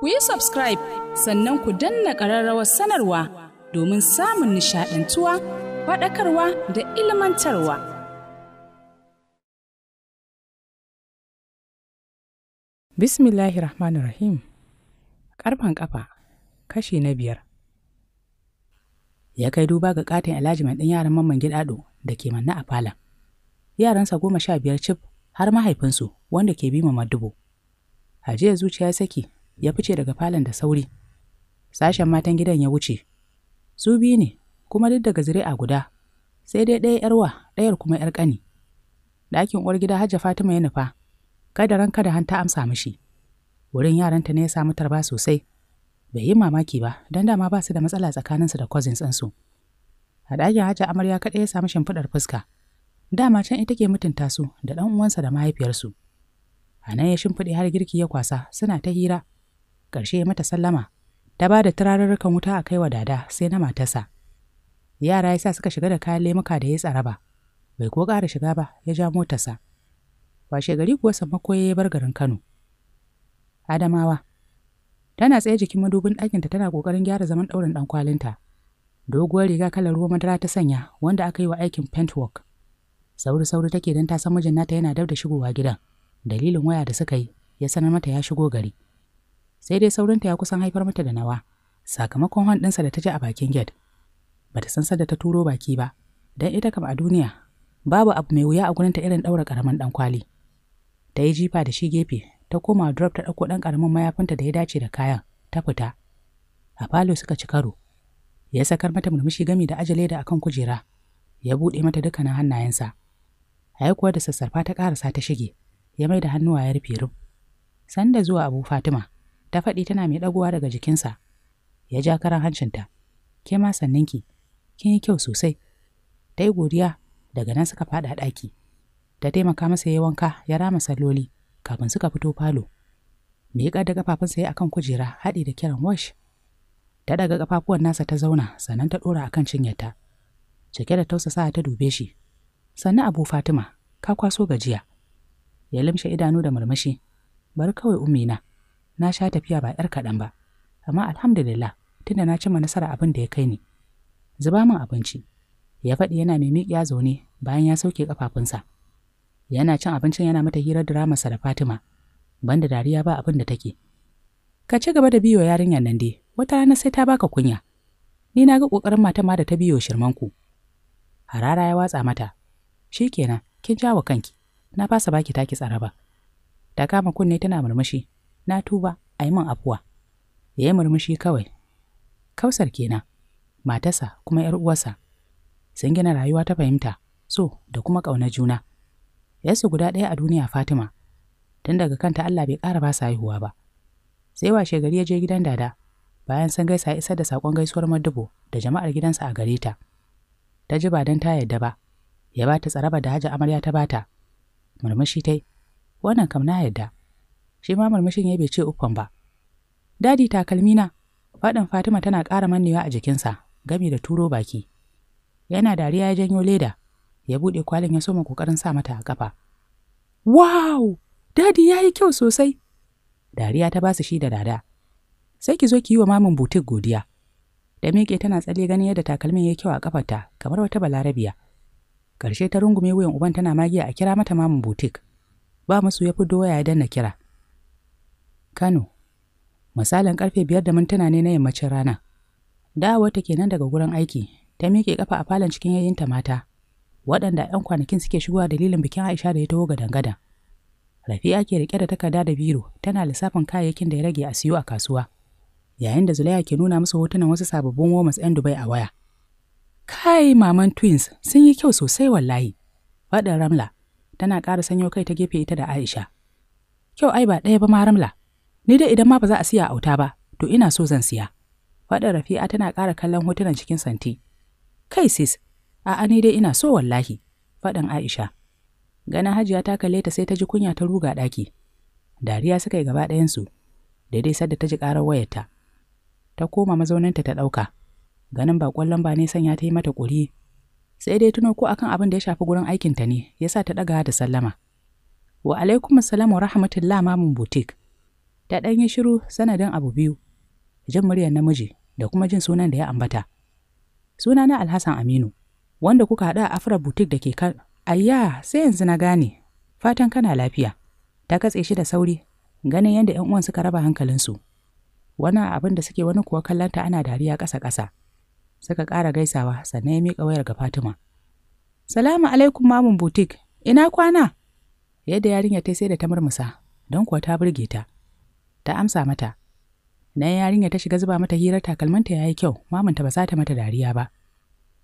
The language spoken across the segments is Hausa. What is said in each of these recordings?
ku yi subscribe sannan ku danna ƙararrawar sanarwa domin samun nishaɗantuwa faɗakarwa da ilmantarwa. Bismillahirrahmanirrahim Ƙarfan ƙafa kashi na biyar Ya kai duba ga ƙatin mai ɗin yaran mamman gidaɗo da ke manna a falon. Yaransa goma sha biyar cif har mahaifinsu wanda ke bi ma A Hajiya zuciya saki ya fice daga falon da sauri. Sashen matan gidan ya wuce. Su biyu ne, kuma duk daga zuri'a guda, sai dai ɗaya ‘yarwa, ɗayar kuma ‘yar ƙani. Ɗakin uwar gida Hajja Fatima ya nufa, kada ran kada hanta amsa mishi. Wurin yaranta ne ya samu tarba sosai. Bai yi mamaki ba, don dama ba su da matsala tsakaninsu da cousins ɗinsu. A ɗakin Hajja amarya kaɗai ya samu shimfiɗar fuska. Dama can ita ke mutunta su da ɗan uwansa da mahaifiyarsu. A nan ya shimfiɗe har girki ya kwasa suna ta hira. Karshe mata sallama ta ba da turarurrukan wuta a kaiwa dada sai na matarsa yara ya sa suka shiga da kayan lemuka da ya tsara ba bai ko ƙara shiga ba ya ja motarsa washe gari kuwa sammako ya bar garin kano adamawa tana tsaye jikin madubin ɗakinta tana ƙoƙarin gyara zaman ɗaurin ɗan kwalinta doguwar riga kalar ruwa madara ta sanya wanda aka yi wa aikin pentwork sauri sauri take don ta san mijin nata yana dab da shigowa gidan dalilin waya da suka yi ya sanar mata ya shigo gari sai dai saurinta ya kusan haifar mata da nawa sakamakon hon ɗinsa da ta ji a bakin gate bata san sadda ta turo baki ba don ita kam a duniya babu abu mai wuya a gurinta irin ɗaura ƙaramin ɗan kwali ta yi jifa da shi gefe ta koma drop ta ɗauko ɗan ƙaramin mayafinta da ya dace da kayan ta fita a falo suka ci karo ya sakar mata murmushi gami da ajale da akan kujera ya buɗe mata dukkanin hannayensa a kuwa da sassarfa ta ƙarasa ta shige ya mai da hannuwa ya rufe rub sanda zuwa abu fatima ta faɗi tana mai ɗagowa daga jikinsa. Ya ja karan hancinta, ke ma sanninki, kin yi kyau sosai. Ta yi godiya, daga nan suka faɗa ɗaki. Ta taimaka masa ya wanka ya rama salloli kafin suka fito falo. Me ya da kafafunsa ya akan kujera haɗi da kiran wash. Ta daga kafafuwan nasa ta zauna sannan ta ɗora akan cinyarta. Cike da tausasa ta dube shi. Sannan abu Fatima, ka kwaso gajiya. Ya limshe idanu da murmushi. Bari kawai umina. na sha tafiya ba 'yar kaɗan ba, amma alhamdulillah tunda na cimma nasara abin da ya kai ni. Zuba min abinci, ya faɗi yana mai miƙiya zaune bayan ya sauke ƙafafunsa. Yana cin abincin yana mata hirar sa da Fatima, banda dariya ba abin da take. Ka ci gaba da biyo yarinyar nan dai, wata rana sai ta baka kunya. Ni na ga ƙoƙarin mata ma da ta biyo shirmanku. Harara ya watsa mata, shi kin jawo kanki, na fasa baki taki tsara ba. Ta kama kunne tana murmushi, na tuba a yi min afuwa ya yi murmushi kawai kausar kenan Matasa, kuma ‘yar uwarsa sun gina rayuwa ta fahimta so da kuma ƙauna juna yarsu guda ɗaya a duniya fatima tun daga kanta allah bai ƙara ba su haihuwa ba sai washe gari ya je gidan dada bayan sun gaisa isar da saƙon gaisuwar madubo da jama'ar gidansa a gare ta ta ji ba don ta yarda ba ya ba ta tsaraba da haja amarya ta bata murmushi tai wannan kam na yarda shi ma murmushin ya bai ce uffan ba. Dadi takalmi na faɗin Fatima tana ƙara mannewa a jikinsa, gami da turo baki. Yana dariya ya janyo leda, ya buɗe kwalin ya soma ƙoƙarin sa mata a ƙafa. Wow! Dadi ya yi kyau sosai! Dariya ta basu shi da dada. Sai ki zo ki yi wa mamin butik godiya. Da miƙe tana tsalle ganin yadda takalmin ya kyau a ƙafarta kamar wata balarabiya. Ƙarshe ta rungume wuyan uban tana magiya a kira mata mamin butik. Ba musu ya fi doya ya danna kira. Kano, misalin karfe biyar da mintuna ne na yammacin rana. Dawowarta kenan daga gurin aiki, ta miƙe ƙafa a falon cikin ta mata, waɗanda 'yan kwanakin suke shigowa dalilin bikin Aisha da ya taho gadan-gadan. Rafi'a ke riƙe da takarda da biro, tana lissafin kayayyakin da ya rage a siyo a kasuwa. Yayin da Zulaiha ke nuna musu hotunan wasu sababbin womas 'yan Dubai a waya. Kai maman twins sun yi kyau sosai wallahi, faɗin Ramla, tana ƙara sanyo kai ta gefe ita da Aisha. Kyau ai ba ɗaya ba ma Ramla, Ni dai idan ma ba za a siya auta ba, to ina so zan siya. Faɗin Rafi'a tana ƙara kallon hotunan cikin santi. Kai sis, a'a ni dai ina so wallahi, faɗin Aisha. Ganin Hajiya ta kalle ta sai ta ji kunya ta ruga ɗaki. Dariya suka yi gaba ɗayansu, daidai sadda ta ji ƙarar wayarta. Ta koma mazauninta ta ɗauka, ganin ba ƙwallon ba ne sanya ta yi mata ƙuri. Sai dai tuno ko akan abin da ya shafi gurin aikinta ne, ya sa ta ɗaga da sallama. Wa alaikum assalam wa rahmatullah mamun Boutique. ta ɗan yi shiru sanadin abu biyu jin muryar namiji da kuma jin sunan da ya ambata Suna na alhassan aminu wanda kuka haɗa a afra butik da ke kan ayya sai yanzu na gane fatan kana lafiya ta katse shi da sauri ganin yadda yan uwan suka raba hankalinsu wani abin da suke wani kuwa kallanta ana dariya ƙasa ƙasa suka ƙara gaisawa sannan ya miƙa wayar ga fatima salamu alaikum mamun butik ina kwana yadda yarinya ta sai da ta murmusa don kuwa ta burge ta ta amsa mata. na yarinya ta shiga zuba mata hirar takalmanta ya yi kyau, mamanta ba za ta mata dariya ba.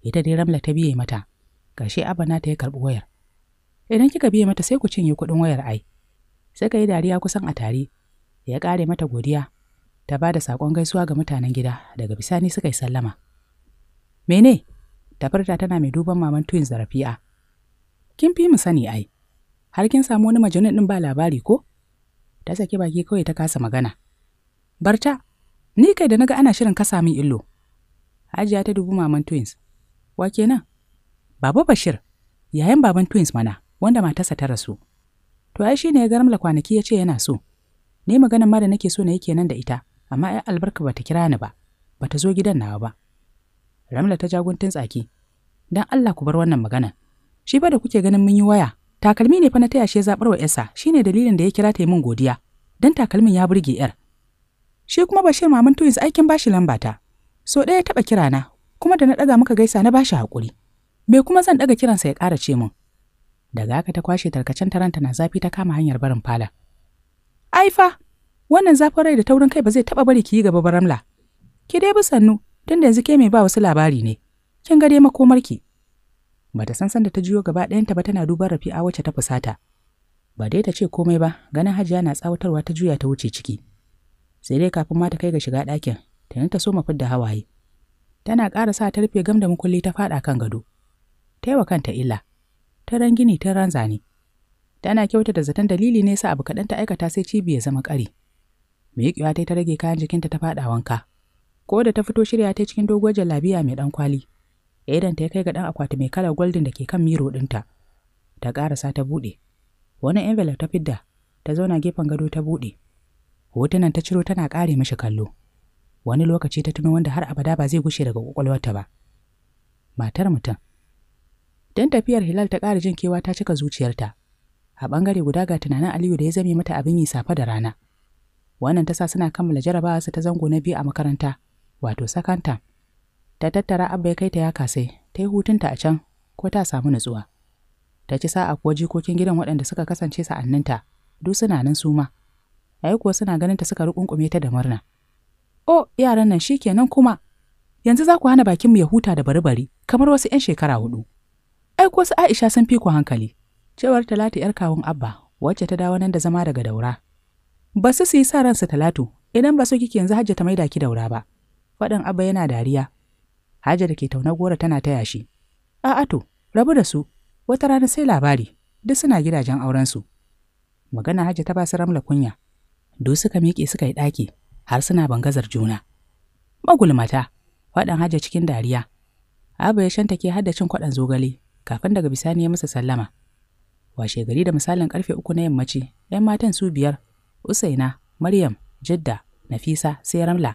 Ita dai Ramla ta biye mata, ƙarshe abana ta ya karɓi wayar. Idan kika biye mata sai ku cinye kuɗin wayar ai. Sai ka yi dariya kusan a tare, ya ƙare mata godiya, ta ba da saƙon gaisuwa ga mutanen gida daga bisani suka yi sallama. Mene? Ta furta tana mai duban maman Twin da Kin fi mu sani ai, har kin samu wani majanin ɗin ba labari ko? ta sake baki kawai ta kasa magana. Barta, ni kai da naga ana shirin kasa min illo. Hajiya ta dubu maman twins. Wa kenan? Baba Bashir, yayan baban twins mana, wanda matarsa ta rasu. To ai shine ya garmla kwanaki ya ce yana so. ni maganan ma da nake so na yake nan da ita, amma ai albarka bata kira ni ba, bata zo gidan nawa ba. Ramla ta jaguntun tsaki. Dan Allah ku bar wannan magana. Shi ba da kuke ganin mun yi waya, takalmi ne fa na taya shi ya zaɓar wa ‘yarsa shine dalilin da ya kira ta yi min godiya don takalmin ya burge ‘yar. Shi kuma Bashir Maman Twins aikin bashi lamba ta. So ɗaya taɓa kira na kuma da na ɗaga muka gaisa na bashi haƙuri. Me kuma zan ɗaga kiransa ya ƙara ce min. Daga haka ta kwashe tarkacen taranta na zafi ta kama hanyar barin fala. Ai fa, wannan zafin rai da taurin kai ba zai taɓa bari ki yi gaba baramla. Ki dai bi sannu, tun da yanzu ke mai ba wasu labari ne. Kin ga dai makomarki. Bata ta san sanda ta jiyo gaba ɗayanta ba tana duban rafi'a wacce ta fusata ba dai ta ce komai ba ganin hajiya na tsawatarwa ta juya ta wuce ciki sai dai kafin ma ta kai ga shiga ɗakin ta ta so mafi da hawaye tana ƙara sa ta rufe gam da makulli ta faɗa kan gado ta yi wa kanta illa ta gini ta ran zane. tana kyauta da zaton dalili ne sa abu kaɗan ta aikata sai cibi ya zama ƙari miƙewa ta yi ta rage kayan jikinta ta faɗa wanka ko da ta fito shirya ta cikin doguwar jallabiya mai ɗan kwali da idan ta kai ga ɗan akwati mai kalar goldin da ke kan miro ɗinta. Ta ƙarasa ta buɗe. Wani envelope ta fidda, ta zauna gefen gado ta buɗe. Hotunan ta ciro tana kare mishi kallo. Wani lokaci ta tuno wanda har abada ba zai gushe daga ƙwaƙwalwarta ba. Matar mutum. Don tafiyar Hilal ta ƙara jin kewa ta cika zuciyarta. A ɓangare guda ga tunanin Aliyu da ya zame mata abin yi safe da rana. Wannan ta sa suna kammala jarabawa su ta zango na biyu a makaranta, wato sakanta. ta tattara abba ya kai ta ya kasai ta yi hutunta a can ko ta samu nutsuwa? ta ci sa'a kuwa jikokin gidan waɗanda suka kasance sa'anninta duk suna nan suma. ma a yi kuwa suna ganin ta suka rukunkume ta da murna o yaran nan shikenan kuma yanzu za ku hana bakinmu ya huta da bari-bari kamar wasu 'yan shekara hudu ai kuwa su aisha sun fi ku hankali cewar talatu 'yar kawun abba wacce ta dawo nan da zama daga daura ba su yi sa ransu talatu idan ba su kike yanzu hajja ta maida ki daura ba faɗin abba yana dariya Hajar ke tauna gora tana taya shi. A'a to, rabu da su, wata rana sai labari, duk suna gidajen aurensu. Magana Hajja ta ba su ramla kunya. du suka miƙe suka yi ɗaki, har suna bangazar juna. Magulmata, faɗan Hajja cikin dariya. Abu ya shanta ke hadda cin kwaɗan zogale, kafin daga bisani ya masa sallama. Washe gari da misalin ƙarfe uku na yammaci, ‘yan matan su biyar, Usaina, Maryam, Jidda, Nafisa, sai Ramla,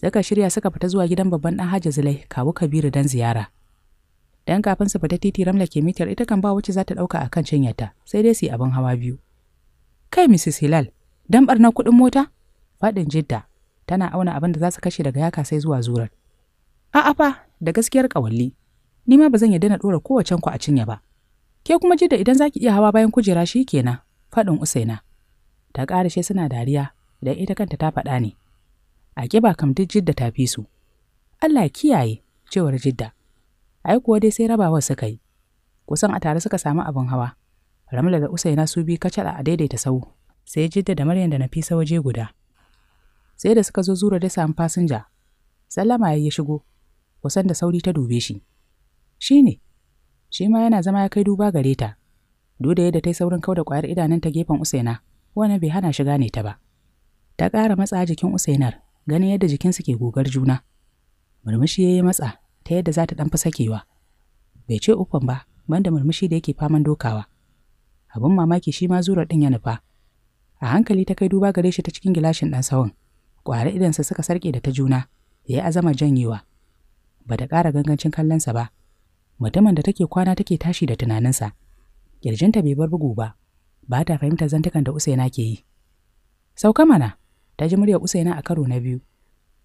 Suka shirya suka fita zuwa gidan babban ɗan Hajji Zulai, kawo Kabiru dan ziyara. Dan kafin su fita titi Ramla ke mitar ita kan ba wacce za ta ɗauka akan kan cinyata, sai dai su yi abin hawa biyu. Kai Mrs. Hilal, dan ɓarnar kuɗin mota? fadin Jidda, tana auna abin da za su kashe daga yaka sai zuwa zurar. A'a fa, da gaskiyar kawalli ni ma ba zan yarda na ɗora kowace ku a cinya ba. Ke kuma Jidda idan zaki iya hawa bayan kujera shi kenan, faɗin Usaina. Ta ƙarashe suna dariya, da ita kanta ta faɗa ne. a ƙiba kam duk jidda ta fi su Allah kiyaye cewar jidda ai kuwa dai sai rabawa suka yi kusan a tare suka samu abin hawa ramla da usaina su bi kacal a daidaita sau sai jidda da maryam da nafisa waje guda sai da suka zo zura da samu fasinja sallama ya yi shigo kusan da sauri ta dube shi shi ne shi ma yana zama ya kai duba gare ta duk da yadda ta yi saurin kauda ƙwayar idanunta gefen usaina wani bai hana shiga ne ta ba ta ƙara matsa jikin usainar ganin yadda jikinsu ke gogar juna. Murmushi ya yi matsa ta yadda za ta ɗan fi sakewa. Bai ce ufan ba, banda murmushi da yake faman dokawa. Abin mamaki shi ma zurar ɗin ya nufa. A hankali ta kai duba gare shi ta cikin gilashin ɗan sawan. Ƙwari idansa suka sarƙe da ta juna, ya yi azama janyewa. Ba ta ƙara gangancin kallonsa ba. Mutumin da take kwana take tashi da tunaninsa. Ƙirjinta bai bar bugu ba, ba ta fahimtar zantukan da Usaina ke yi. Sauka mana, ta ji murya usaina a karo na biyu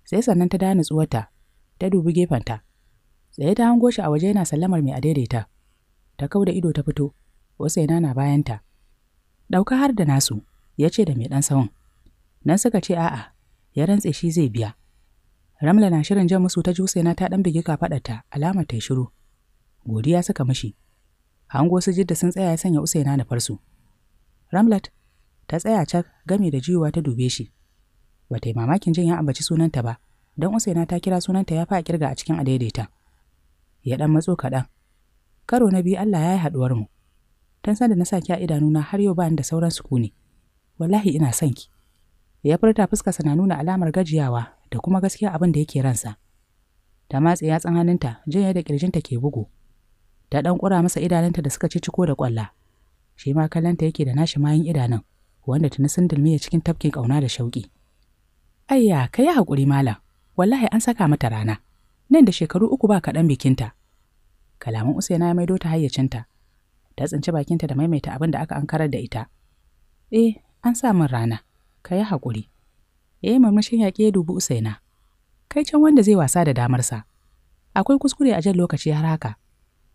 sai sannan ta dana tsuwarta ta dubi gefenta tsaye ta hango shi a waje yana sallamar mai adaidaita ta kau da ido ta fito usaina na bayanta ɗauka har da nasu ya ce da mai ɗan sawan. nan suka ce a'a ya rantse shi zai biya ramla na shirin jan musu ta ji usaina ta ɗan bigi kafaɗarta alamar ta shiru godiya suka mashi hango su jidda sun tsaya ya sanya usaina na farsu ramlat ta tsaya cak gami da jiwa ta dube shi ba ta yi mamakin jin ya ambaci sunanta ba don usaina ta kira sunanta ya fa kirga a cikin adaidaita ya dan matso kaɗan karo na biyu Allah ya yi haɗuwar mu tun da na saki a idanuna har yau ba ni da sauran su kune. wallahi ina son ki ya furta fuskarsa na nuna alamar gajiyawa da kuma gaskiya abin da yake ransa ta matse yatsan hannunta jin yadda kirjinta ke bugu ta dan kura masa idanunta da suka ciciko da kwalla shi ma kallanta yake da nashi mayin idanun wanda tuni sun dulmiya cikin tafkin kauna da shauki Ayya, ka yi haƙuri malam, wallahi an saka mata rana, nan da shekaru uku ba kaɗan bikinta. Kalaman Usaina ya maido ta hayyacinta, ta tsinci bakinta da maimaita abin da aka ankarar da ita. Eh, an sa min rana, ka yi haƙuri. Eh, murmushin yaƙi ya dubi Usaina. Kai can wanda zai wasa da damarsa. Akwai kuskure a jan lokaci har haka,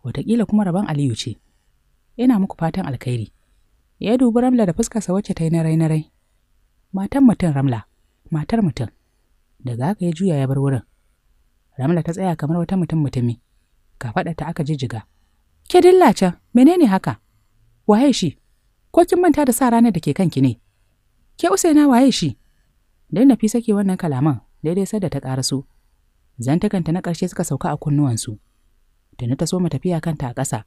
wataƙila kuma rabon Aliyu ce. Ina muku fatan alkhairi. Ya dubi Ramla da fuskarsa wacce ta yi na rai na rai. Matan mutum Ramla, matar mutum daga haka ya juya ya bar wurin ramla ta tsaya kamar wata mutum mutumi Ka faɗa ta aka jijjiga ke dilla can menene haka waye shi ko kin manta da sa ranar da ke kanki ne ke usaina waye shi Dan na fi sake wannan kalaman daidai sadda ta ƙaraso zantakanta na ƙarshe suka sauka a kunnuwansu tuni ta soma tafiya kanta a ƙasa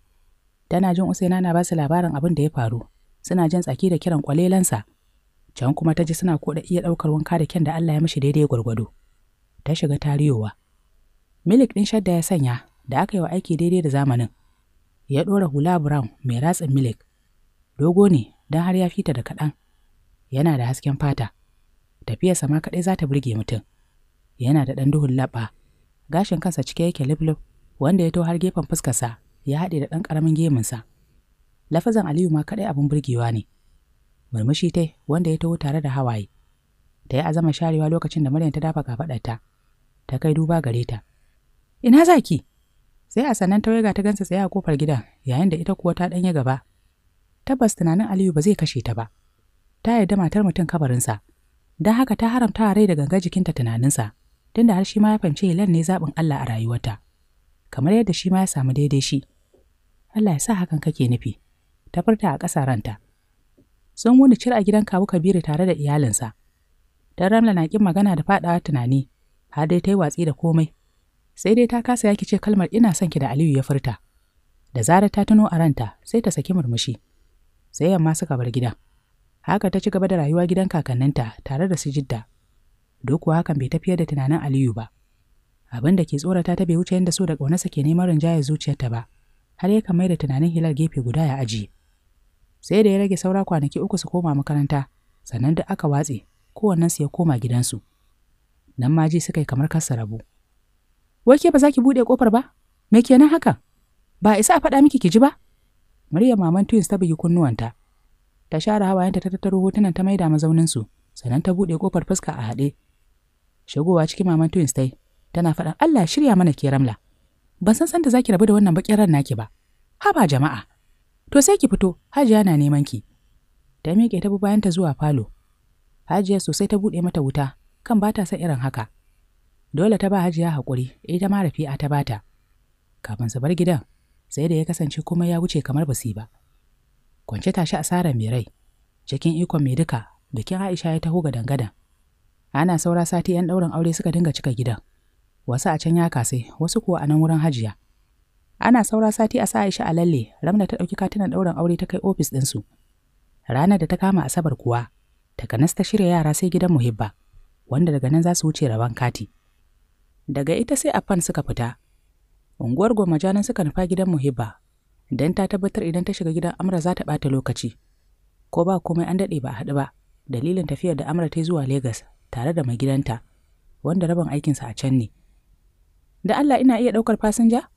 tana jin usaina na basu labarin abin da ya faru suna jin tsaki da kiran kwalelansa Can kuma ta ji suna koda iya ɗaukar wanka da kyan da Allah ya mishi daidai gwargwado. Ta shiga tariyowa. Milik ɗin shadda ya sanya da aka yi wa aiki daidai da zamanin. Ya ɗora hula brown mai ratsin milik. Dogo ne don har ya fita da kaɗan. Yana da hasken fata. Tafiyarsa ma kaɗai za ta burge mutum. Yana da ɗan duhun lab'a. Gashin kansa cike yake lif wanda ya to har gefen fuskarsa ya haɗe da ɗan ƙaramin geminsa. Lafazan Aliyu ma kaɗai abin burgewa ne. murmushi tai wanda ya taho tare da hawaye da ya azama sharewa lokacin da Maryam ta dafa kafaɗarta ta kai duba gare ta ina zaki sai a sannan tawaga ta gansa tsaye a kofar gidan yayin da ita kuwa ta ɗanye gaba tabbas tunanin Aliyu ba zai kashe ta ba ta yarda matar mutum kabarinsa don haka ta haramta rai da ganga jikinta tunaninsa tunda har shi ma ya fahimci Hilal ne zaɓin Allah a rayuwarta kamar yadda shi ma ya samu daidai shi Allah ya sa hakan kake nufi ta furta a ƙasa ranta sun wuni cir a gidan kawu Kabiru tare da iyalinsa. Dan Ramla na kin magana da faɗawa tunani, har dai ta yi watsi da komai. Sai dai ta kasa yaki ce kalmar ina son ki da Aliyu ya furta. Da zarar ta tuno a ranta, sai ta saki murmushi. Sai yamma suka bar gidan. Haka ta ci gaba da rayuwa gidan kakanninta tare da su jidda. Duk kuwa hakan bai tafiyar da tunanin Aliyu ba. Abin da ke tsorata ta bai wuce yadda so da ƙaunarsa ke neman rinjayar zuciyarta ba, har yakan mai da tunanin hilar gefe guda ya ajiye. sai da ya rage saura kwanaki uku su koma makaranta sannan da aka watse kowannensu ya koma gidansu nan ma ji suka yi kamar kasa rabu wai ke ba za ki buɗe ƙofar ba me kenan haka ba isa a faɗa miki ki ji ba murya maman twins ta bugi kunnuwanta ta share hawayenta ta tattaro hotunan ta maida mazauninsu sannan ta buɗe ƙofar fuska a haɗe shigowa cikin maman twins tai tana faɗan Allah shirya mana ke ramla ban san sanda zaki rabu da wannan bakin ran naki ba haba jama'a To sai ki fito, Hajiya na neman ki. Ta miƙe ta bi bayanta zuwa falo. Hajiya sosai ta buɗe mata wuta, kan ba ta son irin haka. Dole ta ba Hajiya haƙuri, ita ma rafi'a ta bata. Kafin su bar gidan, sai da ya kasance kuma ya wuce kamar basi ba. Kwance tashi asara mai rai, cikin ikon mai duka, bikin Aisha ya taho ga dangadan. Ana saura sati 'yan ɗaurin aure suka dinga cika gidan. Wasu a can ya kasai, wasu kuwa a nan wurin Hajiya. Ana saura sati a sa Aisha a lalle, Ramna ta ɗauki katunan ɗaurin aure ta kai ofis ɗinsu. Ranar da ta kama Asabar kuwa, takanas ta shirya yara sai gidan Muhibba, wanda daga nan za su wuce rabon kati. Daga ita sai Afan suka fita. Unguwar Gwamajanan suka nufa gidan Muhibba, don ta tabbatar idan ta shiga gidan Amra za ta ɓata lokaci. Ko ba komai an daɗe ba a haɗu ba, dalilin tafiyar da Amra ta zuwa Legas tare da mai gidanta, wanda rabon aikinsa a can ne. Da Allah ina iya ɗaukar fasinja?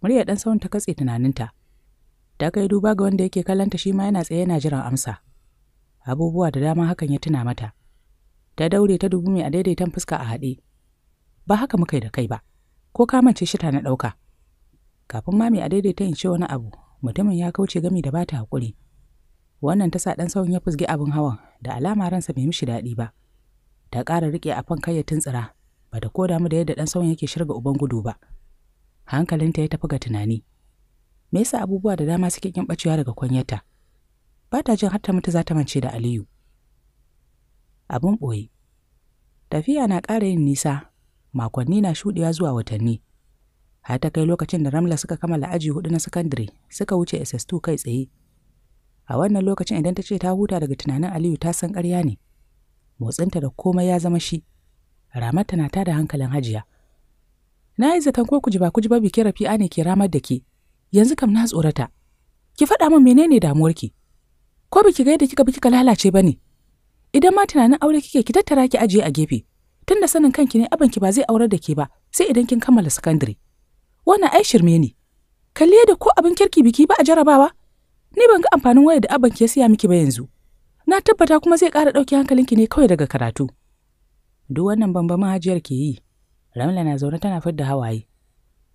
Murya ɗan sauran ta katse tunaninta. Ta kai duba ga wanda yake kallanta shi ma yana tsaye yana jiran amsa. Abubuwa da dama hakan ya tuna mata. Ta daure ta dubu mai a daidaitan fuska a haɗe. Ba haka muka yi da kai ba, ko ka mace shi ta na ɗauka. Kafin ma mai a daidaita in ce wani abu, mutumin ya kauce gami da bata haƙuri. Wannan ta sa ɗan sauran ya fusgi abin hawan da alama ransa bai mishi daɗi ba. Ta ƙara riƙe a fankan ya tuntsira, ba da ko damu da yadda ɗan sauran yake shirga uban gudu ba. hankalinta ya tafi ga tunani me yasa abubuwa da dama suke kin bacewa daga kwanyarta ba ta jin har ta mutu za ta mance da aliyu abin ɓoye tafiya na ƙara yin nisa makonni na shuɗewa zuwa watanni har ta kai lokacin da ramla suka kammala aji hudu na sakandare suka wuce ss2 kai tsaye a wannan lokacin idan ta ce ta huta daga tunanin aliyu ta san ƙarya ne motsinta da komai ya zama shi ramar tana tada hankalin hajiya Na yi zaton ko kuji ba kuji ba biki rafi'a ne ke ramar da ke. Yanzu kam na tsorata. Ki faɗa min menene damuwarki? Ko biki ga yadda kika bi kika lalace ba ne? Idan ma tunanin aure kike ki tattara ki ajiye a gefe. Tunda sanin kanki ne abanki ba zai aurar da ke ba sai idan kin kammala sakandare. Wannan ai shirme ne. Kalli da ko abin kirki biki ba a jarabawa. Ni ban ga amfanin waya da abanki ya siya miki ba yanzu. Na tabbata kuma zai ƙara ɗauki hankalinki ne kawai daga karatu. Duk wannan bambama hajiyar ke yi. Ramla na zaune tana fidda hawaye.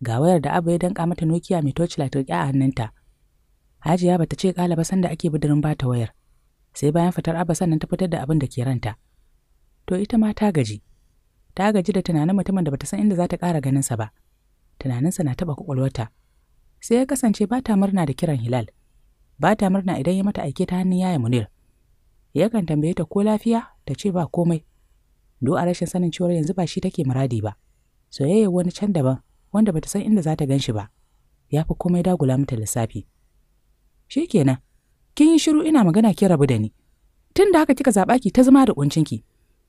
Ga wayar da Abba ya danka mata Nokia mai light riƙe a hannunta. Hajiya bata ce kala ba sanda ake bidirin bata wayar. Sai bayan fitar Abba sannan ta fitar da abin da ke ranta. To ita ma ta gaji. Ta gaji da tunanin mutumin da bata san inda za ta ƙara ganinsa ba. Tunaninsa na taɓa kwakwalwarta Sai ya kasance ba ta murna da kiran Hilal. Ba ta murna idan ya mata aike ta hannun yaya Munir. Yakan tambaye ta ko lafiya ta ce ba komai. Do a rashin sanin cewar yanzu ba shi take muradi ba. soyayyar eh, wani can daban wanda bata san inda za ta gan shi ba ya fi komai dagula mata lissafi Shi kenan, kin yi shiru ina magana kin rabu da ni tun da haka kika zaɓa ki ta zama da ƙuncinki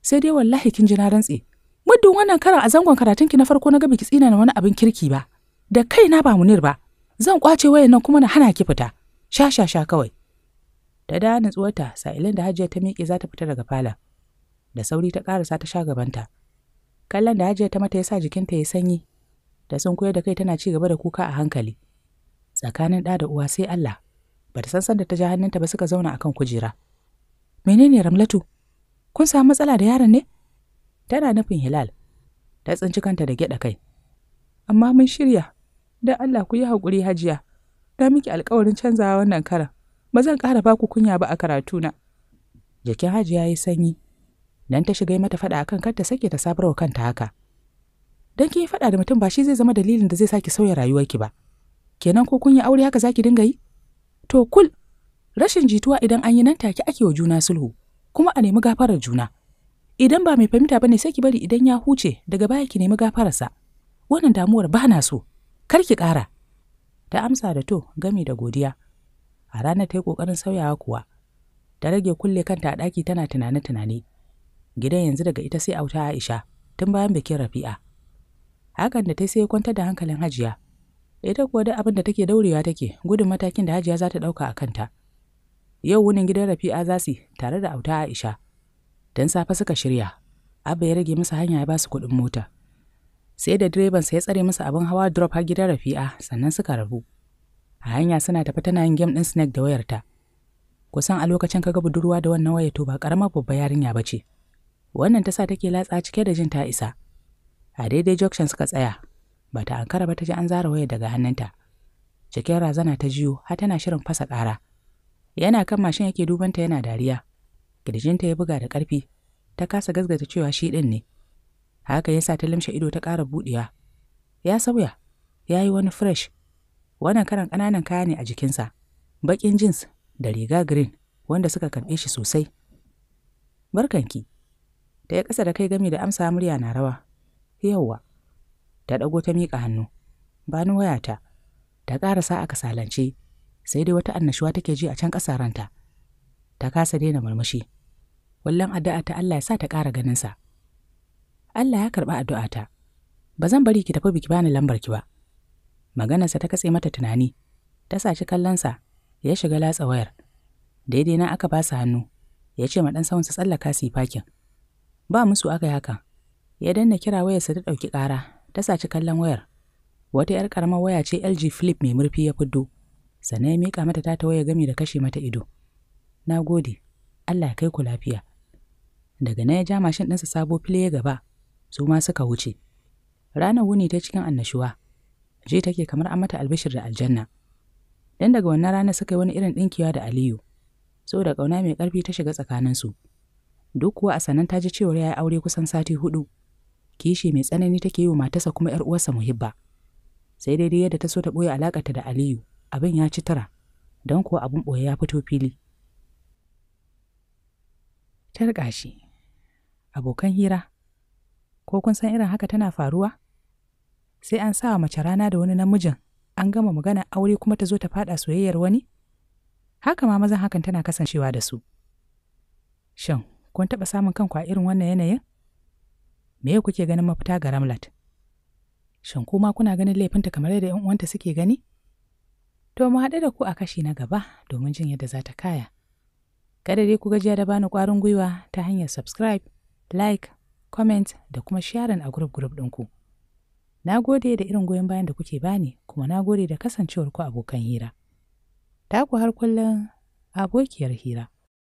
sai dai wallahi kin ji na rantse muddin wannan karan a zangon karatunki na farko na gabi ki tsina na wani abin kirki ba da kaina ba munir ba zan kwace wayan nan kuma na hana ki fita sha sha sha kawai ta da natsuwarta sa'ilin da hajiya ta miƙe za ta fita daga fala da sauri ta ƙarasa ta sha gabanta kallon da hajiya ta mata ya sa jikinta ya sanyi da sun koyar da kai tana ci gaba da kuka a hankali tsakanin ɗa da uwa sai Allah ba ta san sanda ta ja hannunta ba suka zauna akan kujera menene ramlatu kun samu matsala da yaron ne tana nufin hilal ta tsinci kanta da gyaɗa kai amma mun shirya da Allah ku yi haƙuri hajiya na miki alƙawarin canzawa wannan karan ba zan ƙara ba ku kunya ba a karatuna jikin hajiya ya sanyi nan ta shiga mata faɗa akan kar ta sake ta sabarwa kanta haka dan kin faɗa da mutum ba shi zai zama dalilin da zai saki sauya rayuwarki ba kenan ko kun yi aure haka zaki dinga yi to kul rashin jituwa idan an yi nan take ake wa juna sulhu kuma a nemi gafarar juna idan ba mai fahimta bane sai ki bari idan ya huce daga baya ki nemi gafararsa wannan damuwar ba na so kar ki ƙara ta amsa da to gami da godiya a ranar ta yi ƙoƙarin sauyawa kuwa ta rage kulle kanta a ɗaki tana tunane-tunane gidan yanzu daga ita sai auta Aisha tun bayan bikin Rafi'a. Hakan da ta sai ya kwantar da hankalin Hajiya. Ita kuwa da abin da take daurewa take gudun matakin da Hajiya za ta ɗauka a kanta. Yau wunin gidan Rafi'a za su tare da auta Aisha. Don safe suka shirya, Abba ya rage masa hanya ya ba su kuɗin mota. Sai da direban sai ya tsare masa abin hawa drop har gidan Rafi'a sannan suka rabu. A hanya suna tafi tana yin game ɗin snack da wayarta. Kusan a lokacin ka ga budurwa da wannan waya to ba ƙaramar babba yarinya ba ce. wannan ta sa take latsa cike da jin ta isa a daidai junction suka tsaya Bata ta ankara ba ta ji an zara waya daga hannunta cikin razana ta jiyo har tana shirin fasa ƙara yana kan mashin yake ta yana dariya kirjinta ya buga da ƙarfi ta kasa gazgata cewa shi ɗin ne haka ya sa ta limshe ido ta ƙara buɗewa ya sauya ya yi wani fresh wannan karan ƙananan kaya ne a jikinsa baƙin jeans da riga green wanda suka karɓe shi sosai barkanki da ya ƙasa da kai gami da amsa murya na rawa. Yauwa, ta ɗago ta miƙa hannu, ba ni wayata, ta ƙarasa a kasalance, sai dai wata annashuwa take ji a can ƙasa ranta. Ta kasa daina murmushi, wallan addu'a ta Allah ya sa ta ƙara ganinsa. Allah ya karɓi ta. ba zan bari ki tafi biki bani lambar ki ba. Maganarsa ta katse mata tunani, ta saci kallonsa, ya shiga latsa wayar. Daidai na aka ba hannu, ya ce ma ɗan saunsa tsallaka su yi fakin. ba musu aka haka ya danna kira wayarsa ta ɗauki ƙara ta saci kallon wayar wata 'yar ƙaramar waya ce lg flip mai murfi ya fiddo sannan ya miƙa mata ta waya gami da kashe mata ido na gode allah kai ku lafiya daga na ya ja mashin ɗinsa sabo fili ya gaba su ma suka wuce ranar wuni ta cikin annashuwa je take kamar an mata albishir da aljanna dan daga wannan rana suka yi wani irin ɗinkiwa da aliyu Sau da ƙauna mai ƙarfi ta shiga tsakaninsu. su duk kuwa a sanan ta ji cewar ya yi aure kusan sati hudu kishi mai tsanani take yi wa matarsa kuma yar uwarsa muhibba sai dai yadda ta so ta boye ta da aliyu abin ya ci tara don kuwa abin boye ya fito fili ta shi abokan hira ko kun san irin haka tana faruwa sai an sa mace rana da wani namijin an gama magana aure kuma ta zo ta faɗa soyayyar wani haka ma mazan hakan tana kasancewa da su shin kun taɓa samun kanku a irin wannan yanayin? Me ya kuke ganin mafita ga Ramlat? Shin kuma kuna ganin laifinta kamar yadda ‘yan uwanta suke gani? To mu haɗu da ku a kashi na gaba domin jin yadda za ta kaya. Kada dai ku gajiya da bani ƙwarin gwiwa ta hanyar subscribe, like, comment da kuma sharing a group group ɗinku. Na gode da irin goyon bayan da kuke bani kuma na gode da kasancewar kasancewarku abokan hira. Ta ku har kullum abokiyar hira.